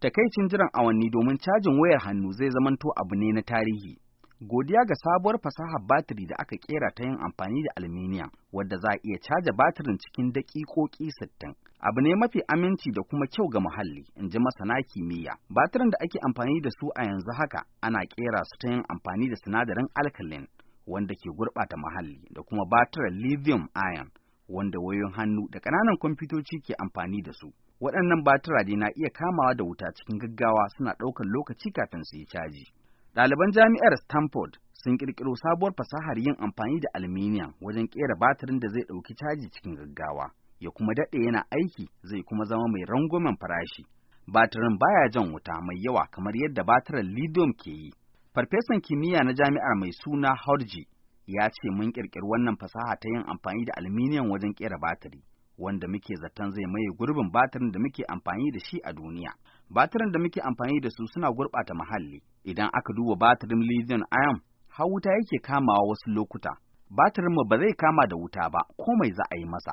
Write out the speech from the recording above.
Takaicin jiran awanni domin cajin wayar hannu zai zamanto abu ne na tarihi. Godiya ga sabuwar fasahar batiri da aka kera ta yin amfani da aluminium, wadda za a iya caja batirin cikin daƙiƙoƙi sittin, Abu ne mafi aminci da kuma kyau ga muhalli, in ji masana kimiyya. Batirin da ake amfani da su a yanzu haka ana kera su ta yin amfani da sinadarin alkalin, wanda ke gurɓata muhalli, da kuma batirin lithium ion, wanda wayoyin hannu da ƙananan kwamfutoci ke amfani da su. Waɗannan batira dai na iya kamawa da wuta cikin gaggawa suna ɗaukar lokaci kafin su yi caji. Ɗaliban jami'ar Stanford sun ƙirƙiro sabuwar fasahar yin amfani da aluminium wajen ƙera batirin da zai ɗauki caji cikin gaggawa, ya kuma daɗe yana aiki zai kuma zama mai rangwamen farashi. Batirin baya jan wuta mai yawa kamar yadda batirin lithium ke yi. Farfesan kimiyya na jami'ar mai suna Horji ya ce mun ƙirƙiri wannan fasaha ta yin amfani da aluminium wajen ƙera batiri wanda muke zaton zai maye gurbin batirin da muke amfani da shi a duniya. Batirin da muke amfani da su suna gurɓata muhalli. Idan aka duba batirin lithium ion, har wuta yake kamawa wasu lokuta. Batirinmu ba zai kama da wuta ba, ko mai za a yi masa.